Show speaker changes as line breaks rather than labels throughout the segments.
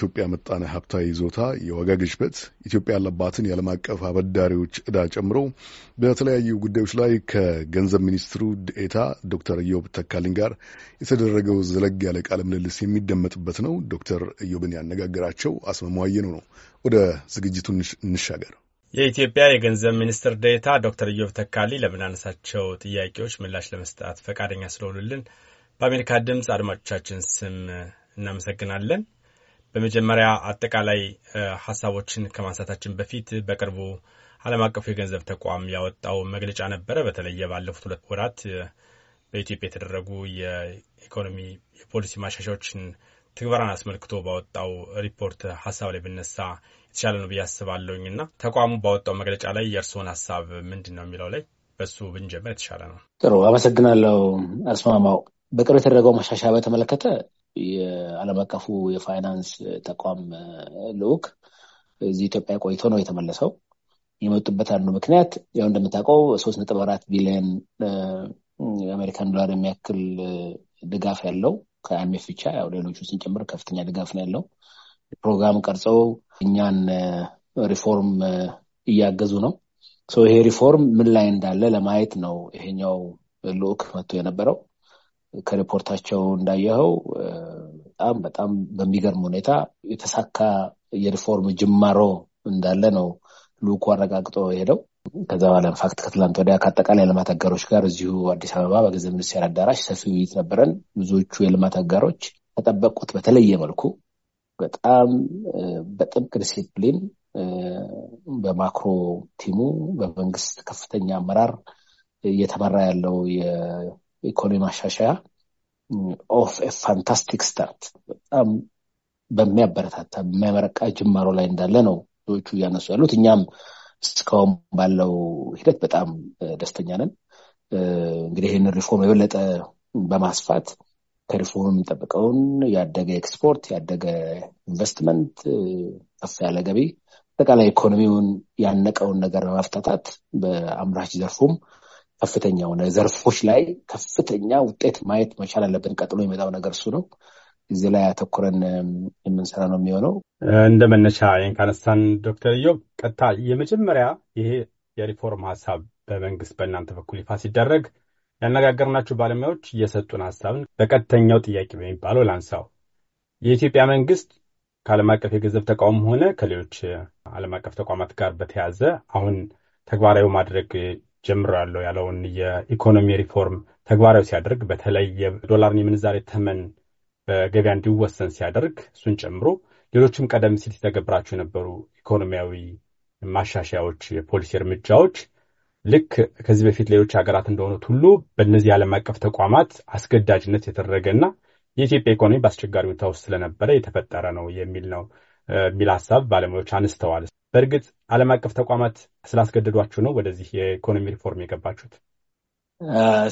የኢትዮጵያ ምጣኔ ሀብታዊ ይዞታ፣ የዋጋ ግሽበት፣ ኢትዮጵያ ያለባትን የዓለም አቀፍ አበዳሪዎች ዕዳ ጨምሮ በተለያዩ ጉዳዮች ላይ ከገንዘብ ሚኒስትሩ ድኤታ ዶክተር ኢዮብ ተካልኝ ጋር የተደረገው ዘለግ ያለ ቃለ ምልልስ የሚደመጥበት ነው። ዶክተር ኢዮብን ያነጋገራቸው አስመሟየ ነው ነው። ወደ ዝግጅቱ እንሻገር። የኢትዮጵያ የገንዘብ ሚኒስትር ዴኤታ ዶክተር ኢዮብ ተካሊ ለምናነሳቸው ጥያቄዎች ምላሽ ለመስጠት ፈቃደኛ ስለሆኑልን በአሜሪካ ድምፅ አድማጮቻችን ስም እናመሰግናለን። በመጀመሪያ አጠቃላይ ሀሳቦችን ከማንሳታችን በፊት በቅርቡ ዓለም አቀፉ የገንዘብ ተቋም ያወጣው መግለጫ ነበረ። በተለየ ባለፉት ሁለት ወራት በኢትዮጵያ የተደረጉ የኢኮኖሚ የፖሊሲ ማሻሻዎችን ትግበራን አስመልክቶ ባወጣው ሪፖርት ሀሳብ ላይ ብነሳ የተሻለ ነው ብዬ አስባለሁኝ እና ተቋሙ ባወጣው መግለጫ ላይ የእርስዎን ሀሳብ ምንድን ነው የሚለው ላይ በሱ ብንጀምር የተሻለ ነው።
ጥሩ አመሰግናለሁ አስማማው። በቅርብ የተደረገው ማሻሻያ በተመለከተ የዓለም አቀፉ የፋይናንስ ተቋም ልዑክ እዚህ ኢትዮጵያ ቆይቶ ነው የተመለሰው። የመጡበት አንዱ ምክንያት ያው እንደምታውቀው ሶስት ነጥብ አራት ቢሊዮን የአሜሪካን ዶላር የሚያክል ድጋፍ ያለው ከአይኤምኤፍ ብቻ ያው ሌሎቹ ስንጨምር ከፍተኛ ድጋፍ ነው ያለው። ፕሮግራም ቀርጸው እኛን ሪፎርም እያገዙ ነው። ይሄ ሪፎርም ምን ላይ እንዳለ ለማየት ነው ይሄኛው ልዑክ መጥቶ የነበረው። ከሪፖርታቸው እንዳየኸው በጣም በጣም በሚገርም ሁኔታ የተሳካ የሪፎርም ጅማሮ እንዳለ ነው ልዑኩ አረጋግጦ ሄደው ከዛ በኋላ ኢንፋክት ከትላንት ወዲያ ከአጠቃላይ የልማት አጋሮች ጋር እዚሁ አዲስ አበባ በገንዘብ ሚኒስቴር አዳራሽ ሰፊ ውይይት ነበረን። ብዙዎቹ የልማት አጋሮች ከጠበቁት በተለየ መልኩ በጣም በጥብቅ ዲሲፕሊን በማክሮ ቲሙ በመንግስት ከፍተኛ አመራር እየተመራ ያለው ኢኮኖሚ ማሻሻያ ኦፍ ፋንታስቲክ ስታርት በጣም በሚያበረታታ በሚያመረቃ ጅማሮ ላይ እንዳለ ነው ብዙዎቹ እያነሱ ያሉት። እኛም እስካሁን ባለው ሂደት በጣም ደስተኛ ነን። እንግዲህ ይህንን ሪፎርም የበለጠ በማስፋት ከሪፎርም የሚጠብቀውን ያደገ ኤክስፖርት፣ ያደገ ኢንቨስትመንት፣ ከፍ ያለ ገቢ፣ አጠቃላይ ኢኮኖሚውን ያነቀውን ነገር በማፍታታት በአምራች ዘርፉም ከፍተኛ የሆነ ዘርፎች ላይ ከፍተኛ ውጤት ማየት መቻል አለብን።
ቀጥሎ የሚመጣው ነገር እሱ ነው። እዚህ ላይ አተኩረን የምንሰራ ነው የሚሆነው። እንደ መነሻ ይህን ካነሳን ዶክተር ኢዮብ ቀጥታ የመጀመሪያ ይሄ የሪፎርም ሀሳብ በመንግስት በእናንተ በኩል ይፋ ሲደረግ ያነጋገርናቸው ባለሙያዎች የሰጡን ሀሳብን በቀጥተኛው ጥያቄ በሚባለው ላንሳው። የኢትዮጵያ መንግስት ከዓለም አቀፍ የገንዘብ ተቋም ሆነ ከሌሎች ዓለም አቀፍ ተቋማት ጋር በተያያዘ አሁን ተግባራዊ ማድረግ ጀምራለሁ ያለውን የኢኮኖሚ ሪፎርም ተግባራዊ ሲያደርግ በተለይ የዶላርን የምንዛሬ ተመን በገበያ እንዲወሰን ሲያደርግ እሱን ጨምሮ ሌሎችም ቀደም ሲል ሲተገብራቸው የነበሩ ኢኮኖሚያዊ ማሻሻያዎች፣ የፖሊሲ እርምጃዎች ልክ ከዚህ በፊት ሌሎች ሀገራት እንደሆኑት ሁሉ በእነዚህ ዓለም አቀፍ ተቋማት አስገዳጅነት የተደረገና የኢትዮጵያ ኢኮኖሚ በአስቸጋሪ ሁኔታ ውስጥ ስለነበረ የተፈጠረ ነው የሚል ነው የሚል ሀሳብ ባለሙያዎች አንስተዋል። በእርግጥ ዓለም አቀፍ ተቋማት ስላስገደዷችሁ ነው ወደዚህ የኢኮኖሚ ሪፎርም የገባችሁት?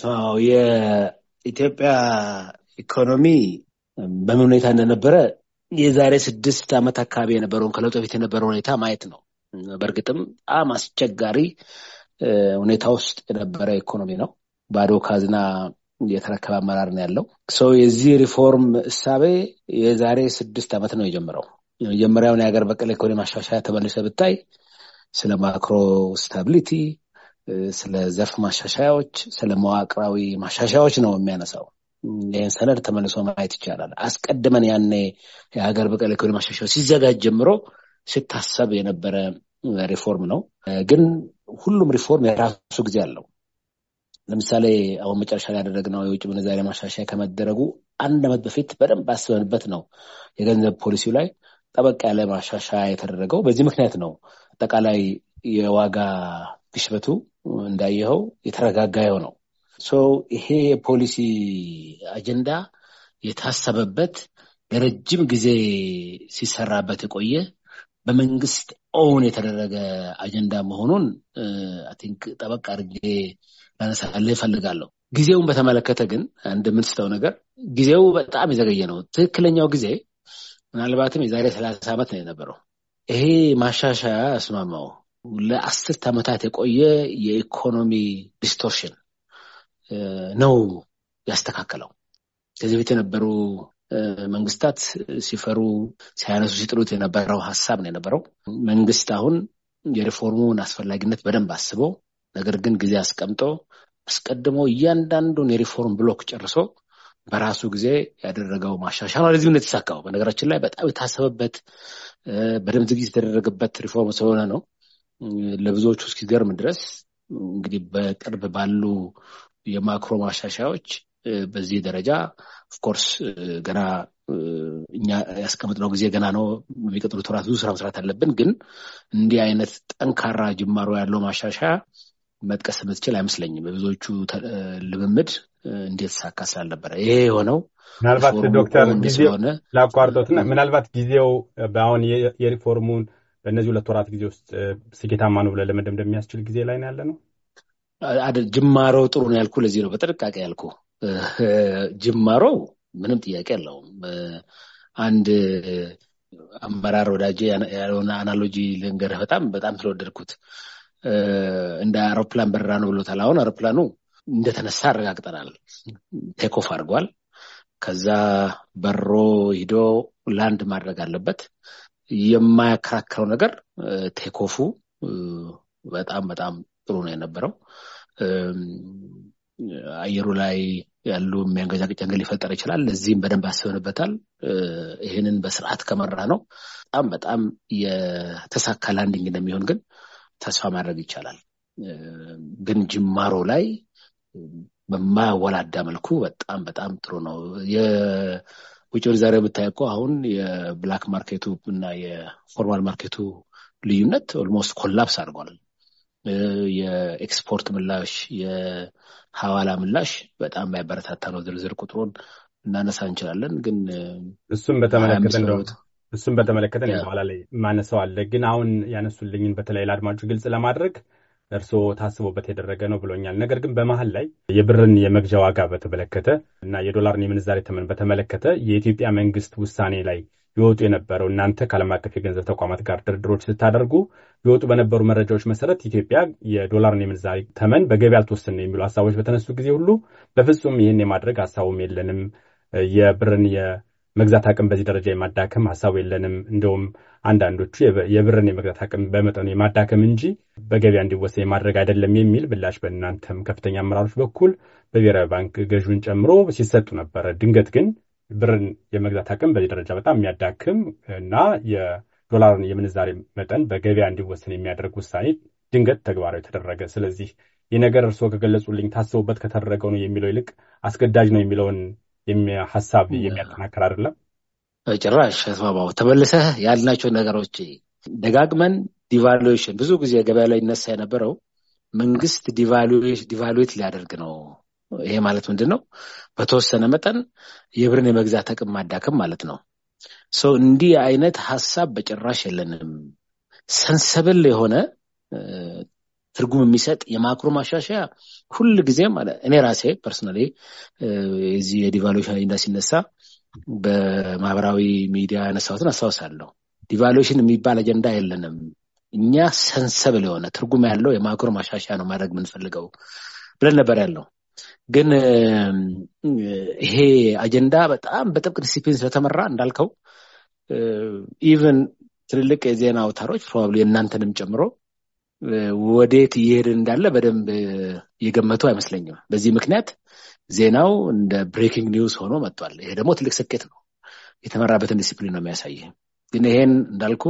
ስማው የኢትዮጵያ
ኢኮኖሚ በምን ሁኔታ እንደነበረ የዛሬ ስድስት ዓመት አካባቢ የነበረውን ከለውጥ በፊት የነበረው ሁኔታ ማየት ነው። በእርግጥም በጣም አስቸጋሪ ሁኔታ ውስጥ የነበረ ኢኮኖሚ ነው። ባዶ ካዝና የተረከበ አመራር ነው ያለው ሰው የዚህ ሪፎርም እሳቤ የዛሬ ስድስት ዓመት ነው የጀመረው የመጀመሪያውን የሀገር በቀል ኢኮኖሚ ማሻሻያ ተመልሰ ብታይ ስለ ማክሮ ስታቢሊቲ፣ ስለ ዘርፍ ማሻሻያዎች፣ ስለ መዋቅራዊ ማሻሻያዎች ነው የሚያነሳው። ይህን ሰነድ ተመልሶ ማየት ይቻላል። አስቀድመን ያኔ የሀገር በቀል ኢኮኖሚ ማሻሻያ ሲዘጋጅ ጀምሮ ሲታሰብ የነበረ ሪፎርም ነው። ግን ሁሉም ሪፎርም የራሱ ጊዜ አለው። ለምሳሌ አሁን መጨረሻ ላይ ያደረግነው የውጭ ምንዛሬ ማሻሻያ ከመደረጉ አንድ ዓመት በፊት በደንብ አስበንበት ነው የገንዘብ ፖሊሲው ላይ ጠበቅ ያለ ማሻሻያ የተደረገው በዚህ ምክንያት ነው። አጠቃላይ የዋጋ ግሽበቱ እንዳየኸው የተረጋጋ የሆነው ሰው ይሄ የፖሊሲ አጀንዳ የታሰበበት ለረጅም ጊዜ ሲሰራበት የቆየ በመንግስት ኦውን የተደረገ አጀንዳ መሆኑን አይ ቲንክ ጠበቅ አድርጌ ላነሳልህ እፈልጋለሁ። ጊዜውን በተመለከተ ግን እንደምንስተው ነገር ጊዜው በጣም የዘገየ ነው። ትክክለኛው ጊዜ ምናልባትም የዛሬ ሰላሳ ዓመት ነው የነበረው። ይሄ ማሻሻያ አስማማው ለአስርት ዓመታት የቆየ የኢኮኖሚ ዲስቶርሽን ነው ያስተካከለው። ከዚህ በፊት የነበሩ መንግስታት ሲፈሩ ሲያነሱ ሲጥሉት የነበረው ሀሳብ ነው የነበረው። መንግስት አሁን የሪፎርሙን አስፈላጊነት በደንብ አስበው፣ ነገር ግን ጊዜ አስቀምጦ አስቀድሞ እያንዳንዱን የሪፎርም ብሎክ ጨርሶ በራሱ ጊዜ ያደረገው ማሻሻል ለዚህም ነው የተሳካው። በነገራችን ላይ በጣም የታሰበበት በደንብ ዝግጅት የተደረገበት ሪፎርም ስለሆነ ነው ለብዙዎቹ እስኪገርም ድረስ እንግዲህ በቅርብ ባሉ የማክሮ ማሻሻያዎች በዚህ ደረጃ ኦፍኮርስ ገና እኛ ያስቀምጥነው ጊዜ ገና ነው። የሚቀጥሉት ወራት ብዙ ስራ መስራት አለብን። ግን እንዲህ አይነት ጠንካራ ጅማሮ ያለው ማሻሻያ መጥቀስ የምትችል አይመስለኝም። በብዙዎቹ ልምምድ እንዴት እንዲሳካ ስላልነበረ ይሄ የሆነው
ምናልባት ዶክተር ጊዜሆነ ላቋርጦት ምናልባት ጊዜው በአሁን የሪፎርሙን በእነዚህ ሁለት ወራት ጊዜ ውስጥ ስኬታማ ነው ብለህ ለመደምደም የሚያስችል ጊዜ ላይ ነው ያለ ነው። ጅማሮው ጥሩ ነው ያልኩ ለዚህ ነው
በጥንቃቄ ያልኩ። ጅማሮው ምንም ጥያቄ የለውም። አንድ አመራር ወዳጅ ያለሆነ አናሎጂ ልንገርህ፣ በጣም በጣም ስለወደድኩት እንደ አውሮፕላን በረራ ነው ብሎታል። አሁን አውሮፕላኑ እንደተነሳ አረጋግጠናል። ቴኮፍ አድርጓል። ከዛ በሮ ሂዶ ላንድ ማድረግ አለበት። የማያከራከረው ነገር ቴኮፉ በጣም በጣም ጥሩ ነው የነበረው። አየሩ ላይ ያሉ የሚያንገጫግጭ ነገር ሊፈጠር ይችላል። ለዚህም በደንብ አስበንበታል። ይህንን በስርዓት ከመራ ነው በጣም በጣም የተሳካ ላንዲንግ እንደሚሆን ግን ተስፋ ማድረግ ይቻላል። ግን ጅማሮ ላይ በማያወላዳ መልኩ በጣም በጣም ጥሩ ነው። የውጭ ምንዛሬ ብታይ እኮ አሁን የብላክ ማርኬቱ እና የፎርማል ማርኬቱ ልዩነት ኦልሞስት ኮላፕስ አድርጓል። የኤክስፖርት ምላሽ የሀዋላ ምላሽ በጣም የሚያበረታታ ነው። ዝርዝር ቁጥሩን እናነሳ እንችላለን፣ ግን
እሱም በተመለከተ እሱም በተመለከተ በኋላ ላይ ማነሰው አለ። ግን አሁን ያነሱልኝን በተለይ ለአድማጩ ግልጽ ለማድረግ ለእርስዎ ታስቦበት የደረገ ነው ብሎኛል። ነገር ግን በመሀል ላይ የብርን የመግዣ ዋጋ በተመለከተ እና የዶላርን የምንዛሬ ተመን በተመለከተ የኢትዮጵያ መንግስት ውሳኔ ላይ ይወጡ የነበረው እናንተ ከዓለም አቀፍ የገንዘብ ተቋማት ጋር ድርድሮች ስታደርጉ ይወጡ በነበሩ መረጃዎች መሰረት ኢትዮጵያ የዶላርን የምንዛሪ ተመን በገቢ አልተወሰነ የሚሉ ሀሳቦች በተነሱ ጊዜ ሁሉ በፍጹም ይህን የማድረግ ሀሳቡም የለንም የብርን መግዛት አቅም በዚህ ደረጃ የማዳከም ሀሳቡ የለንም። እንደውም አንዳንዶቹ የብርን የመግዛት አቅም በመጠኑ የማዳከም እንጂ በገበያ እንዲወሰን የማድረግ አይደለም የሚል ብላሽ በእናንተም ከፍተኛ አመራሮች በኩል በብሔራዊ ባንክ ገዥውን ጨምሮ ሲሰጡ ነበረ። ድንገት ግን ብርን የመግዛት አቅም በዚህ ደረጃ በጣም የሚያዳክም እና የዶላርን የምንዛሬ መጠን በገበያ እንዲወሰን የሚያደርግ ውሳኔ ድንገት ተግባራዊ ተደረገ። ስለዚህ ይህ ነገር እርስዎ ከገለጹልኝ ታስቡበት ከተደረገው ነው የሚለው ይልቅ አስገዳጅ ነው የሚለውን ሀሳብ የሚያጠናክር አይደለም።
ጭራሽ አስማማው ተመልሰህ
ያልናቸው ነገሮች
ደጋግመን ዲቫሉዌሽን ብዙ ጊዜ ገበያ ላይ ይነሳ የነበረው መንግስት ዲቫሉዌት ሊያደርግ ነው። ይሄ ማለት ምንድን ነው? በተወሰነ መጠን የብርን የመግዛት አቅም ማዳከም ማለት ነው። ሰው እንዲህ አይነት ሀሳብ በጭራሽ የለንም። ሰንሰብል የሆነ ትርጉም የሚሰጥ የማክሮ ማሻሻያ ሁል ጊዜም እኔ ራሴ ፐርሰናሊ የዚህ የዲቫሉሽን አጀንዳ ሲነሳ በማህበራዊ ሚዲያ ያነሳሁትን አስታውሳለሁ። ዲቫሉሽን የሚባል አጀንዳ የለንም እኛ ሰንሰብል የሆነ ትርጉም ያለው የማክሮ ማሻሻያ ነው ማድረግ የምንፈልገው ብለን ነበር ያለው። ግን ይሄ አጀንዳ በጣም በጥብቅ ዲሲፕሊን ስለተመራ እንዳልከው ኢቨን ትልልቅ የዜና አውታሮች ፕሮባብሊ የእናንተንም ጨምሮ ወዴት እየሄድን እንዳለ በደንብ የገመተው አይመስለኝም። በዚህ ምክንያት ዜናው እንደ ብሬኪንግ ኒውስ ሆኖ መጥቷል። ይሄ ደግሞ ትልቅ ስኬት ነው። የተመራበትን ዲሲፕሊን ነው የሚያሳይ። ግን ይሄን እንዳልኩ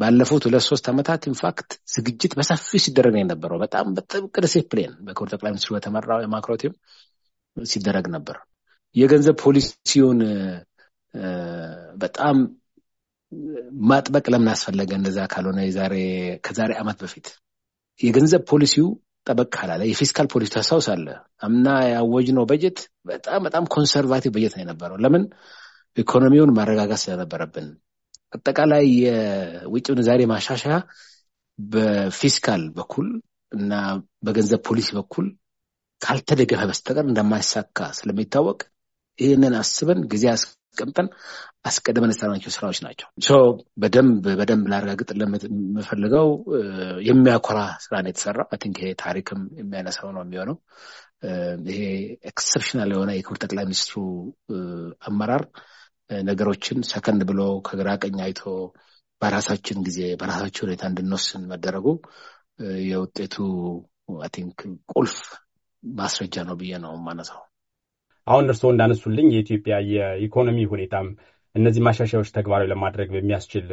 ባለፉት ሁለት ሶስት ዓመታት ኢንፋክት ዝግጅት በሰፊው ሲደረግ የነበረው። በጣም በጥብቅ ዲሲፕሊን በክቡር ጠቅላይ ሚኒስትሩ በተመራው የማክሮቲም ሲደረግ ነበር። የገንዘብ ፖሊሲውን በጣም ማጥበቅ ለምን አስፈለገ? እንደዛ ካልሆነ የዛሬ ከዛሬ ዓመት በፊት የገንዘብ ፖሊሲው ጠበቅ ካላለ የፊስካል ፖሊሲ ታስታውሳለ። አምና ያወጅነው በጀት በጣም በጣም ኮንሰርቫቲቭ በጀት ነው የነበረው። ለምን ኢኮኖሚውን ማረጋጋት ስለነበረብን። አጠቃላይ የውጭ ምንዛሬ ማሻሻያ በፊስካል በኩል እና በገንዘብ ፖሊሲ በኩል ካልተደገፈ በስተቀር እንደማይሳካ ስለሚታወቅ ይህንን አስበን ጊዜ አስቀምጠን አስቀድመን የሰራናቸው ስራዎች ናቸው። በደንብ በደንብ ላረጋግጥ ለምፈልገው የሚያኮራ ስራ ነው የተሰራ። ቲንክ ይሄ ታሪክም የሚያነሳው ነው የሚሆነው። ይሄ ኤክሰፕሽናል የሆነ የክብር ጠቅላይ ሚኒስትሩ አመራር ነገሮችን ሰከንድ ብሎ ከግራ ቀኝ አይቶ በራሳችን ጊዜ በራሳችን ሁኔታ እንድንወስን መደረጉ የውጤቱ አይ ቲንክ ቁልፍ ማስረጃ ነው ብዬ ነው የማነሳው።
አሁን እርስዎ እንዳነሱልኝ የኢትዮጵያ የኢኮኖሚ ሁኔታም እነዚህ ማሻሻያዎች ተግባራዊ ለማድረግ በሚያስችል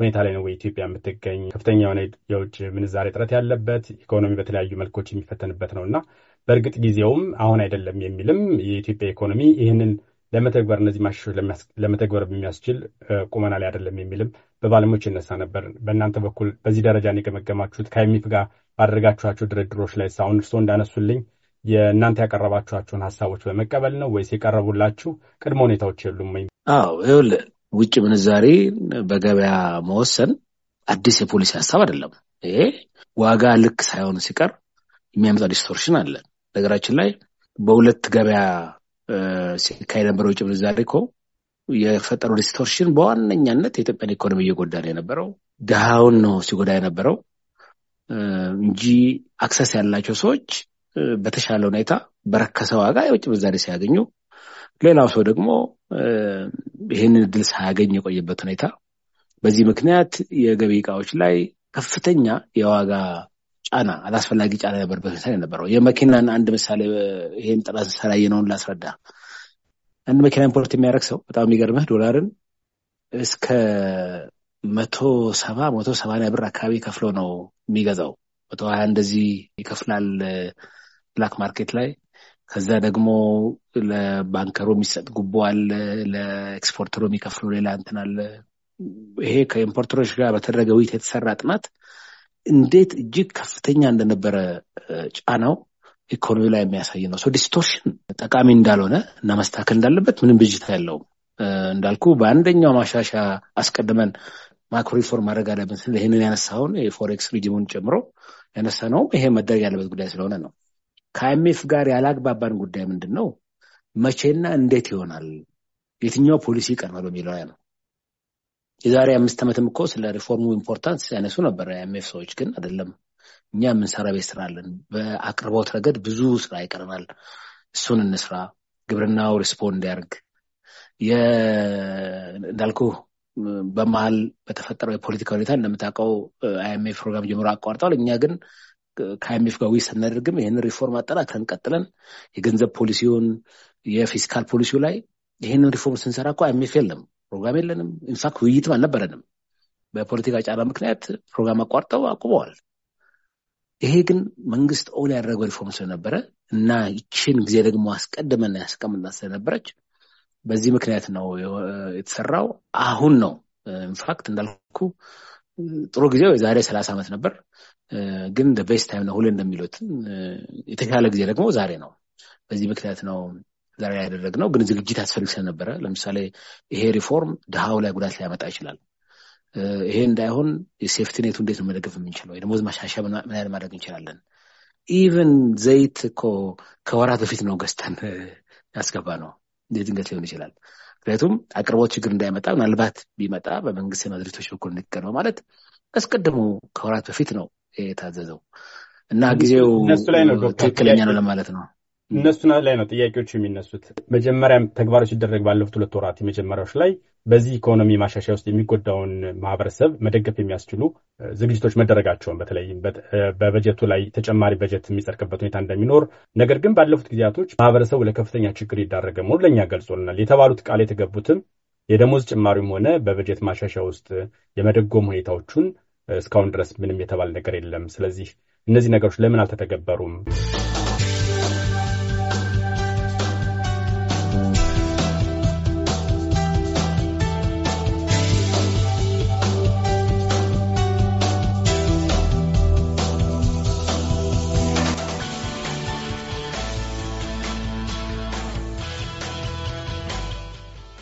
ሁኔታ ላይ ነው ኢትዮጵያ የምትገኝ። ከፍተኛ የሆነ የውጭ ምንዛሬ እጥረት ያለበት ኢኮኖሚ በተለያዩ መልኮች የሚፈተንበት ነው እና በእርግጥ ጊዜውም አሁን አይደለም የሚልም የኢትዮጵያ ኢኮኖሚ ይህንን ለመተግበር እነዚህ ማሻሻያዎች ለመተግበር በሚያስችል ቁመና ላይ አይደለም የሚልም በባለሙያዎች ይነሳ ነበር። በእናንተ በኩል በዚህ ደረጃ የገመገማችሁት ከአይ ጋር ባደረጋችኋቸው ድርድሮች ላይ አሁን እርስዎ እንዳነሱልኝ የእናንተ ያቀረባችኋቸውን ሀሳቦች በመቀበል ነው ወይስ የቀረቡላችሁ ቅድመ ሁኔታዎች የሉም ወይ?
አዎ ይኸውልህ ውጭ ምንዛሬ በገበያ መወሰን አዲስ የፖሊሲ ሀሳብ አይደለም። ይሄ ዋጋ ልክ ሳይሆን ሲቀር የሚያመጣ ዲስቶርሽን አለ። ነገራችን ላይ በሁለት ገበያ ሲካሄድ የነበረው ውጭ ምንዛሬ እኮ የፈጠረው ዲስቶርሽን በዋነኛነት የኢትዮጵያን ኢኮኖሚ እየጎዳ ነው የነበረው። ድሃውን ነው ሲጎዳ የነበረው እንጂ አክሰስ ያላቸው ሰዎች በተሻለ ሁኔታ በረከሰ ዋጋ የውጭ ምንዛሬ ሲያገኙ፣ ሌላው ሰው ደግሞ ይህንን እድል ሳያገኝ የቆየበት ሁኔታ በዚህ ምክንያት የገቢ እቃዎች ላይ ከፍተኛ የዋጋ ጫና አላስፈላጊ ጫና ነበርበት ሁኔታ የነበረው የመኪናን አንድ ምሳሌ ይህን ጥናት ስንሰራ ነውን ላስረዳ። አንድ መኪና ኢምፖርት የሚያደርግ ሰው በጣም የሚገርምህ ዶላርን እስከ መቶ ሰባ መቶ ሰማንያ ብር አካባቢ ከፍሎ ነው የሚገዛው። መቶ ሀያ እንደዚህ ይከፍላል ብላክ ማርኬት ላይ ከዛ ደግሞ ለባንከሩ የሚሰጥ ጉቦ አለ፣ ለኤክስፖርተሩ የሚከፍለው ሌላ እንትን አለ። ይሄ ከኢምፖርተሮች ጋር በተደረገ ውይይት የተሰራ ጥናት እንዴት እጅግ ከፍተኛ እንደነበረ ጫናው ኢኮኖሚ ላይ የሚያሳይ ነው። ዲስቶርሽን ጠቃሚ እንዳልሆነ እና መስተካከል እንዳለበት ምንም ብጅታ ያለውም እንዳልኩ በአንደኛው ማሻሻ አስቀድመን ማክሮ ሪፎርም ማድረግ አለብን ስል ይህንን ያነሳውን የፎሬክስ ሪጅሙን ጨምሮ ያነሳ ነው። ይሄ መደረግ ያለበት ጉዳይ ስለሆነ ነው። ከአይኤምኤፍ ጋር ያላግባባን ጉዳይ ምንድን ነው? መቼና እንዴት ይሆናል? የትኛው ፖሊሲ ይቀርባል በሚለው ላይ ነው። የዛሬ አምስት ዓመትም እኮ ስለ ሪፎርሙ ኢምፖርታንስ ያነሱ ነበር የአይኤምኤፍ ሰዎች። ግን አይደለም እኛ የምንሰራ ቤት ስራ አለን። በአቅርቦት ረገድ ብዙ ስራ ይቀርናል። እሱን እንስራ። ግብርናው ሪስፖንድ ያርግ። እንዳልኩ በመሀል በተፈጠረው የፖለቲካ ሁኔታ እንደምታውቀው አይኤምኤፍ ፕሮግራም ጀምሮ አቋርጠዋል። እኛ ግን ከአይኤምኤፍ ጋር ውይይት ስናደርግም ይህንን ሪፎርም አጠናክረን ቀጥለን የገንዘብ ፖሊሲውን የፊስካል ፖሊሲው ላይ ይህንን ሪፎርም ስንሰራ እኮ አይኤምኤፍ የለም፣ ፕሮግራም የለንም፣ ኢንፋክት ውይይትም አልነበረንም። በፖለቲካ ጫና ምክንያት ፕሮግራም አቋርጠው አቁመዋል። ይሄ ግን መንግስት ኦል ያደረገው ሪፎርም ስለነበረ እና ይችን ጊዜ ደግሞ አስቀድመን ያስቀምጥናት ስለነበረች በዚህ ምክንያት ነው የተሰራው። አሁን ነው ኢንፋክት እንዳልኩ ጥሩ ጊዜው የዛሬ ሰላሳ ዓመት ነበር፣ ግን ቤስት ታይም ነው ሁሌ እንደሚሉት። የተሻለ ጊዜ ደግሞ ዛሬ ነው። በዚህ ምክንያት ነው ዛሬ ያደረግነው። ግን ዝግጅት ያስፈልግ ስለነበረ ለምሳሌ ይሄ ሪፎርም ድሃው ላይ ጉዳት ሊያመጣ ይችላል። ይሄ እንዳይሆን የሴፍቲ ኔቱ እንዴት ነው መደገፍ የምንችለው? የደሞዝ ማሻሻያ ምን ያህል ማድረግ እንችላለን? ኢቨን ዘይት እኮ ከወራት በፊት ነው ገዝተን ያስገባ ነው። ድንገት ሊሆን ይችላል። ምክንያቱም አቅርቦት ችግር እንዳይመጣ ምናልባት ቢመጣ በመንግስት የመድሪቶች በኩል እንዲቀር ነው ማለት
አስቀድሞ ከወራት በፊት ነው የታዘዘው እና ጊዜው ትክክለኛ ነው ለማለት ነው። እነሱ ላይ ነው ጥያቄዎች የሚነሱት። መጀመሪያም ተግባሮች ሲደረግ ባለፉት ሁለት ወራት የመጀመሪያዎች ላይ በዚህ ኢኮኖሚ ማሻሻያ ውስጥ የሚጎዳውን ማህበረሰብ መደገፍ የሚያስችሉ ዝግጅቶች መደረጋቸውን በተለይም በበጀቱ ላይ ተጨማሪ በጀት የሚጸድቅበት ሁኔታ እንደሚኖር፣ ነገር ግን ባለፉት ጊዜያቶች ማህበረሰቡ ለከፍተኛ ችግር ይዳረገ መሆኑ ለእኛ ገልጾልናል የተባሉት ቃል የተገቡትም የደሞዝ ጭማሪም ሆነ በበጀት ማሻሻያ ውስጥ የመደጎም ሁኔታዎቹን እስካሁን ድረስ ምንም የተባለ ነገር የለም። ስለዚህ እነዚህ ነገሮች ለምን አልተተገበሩም?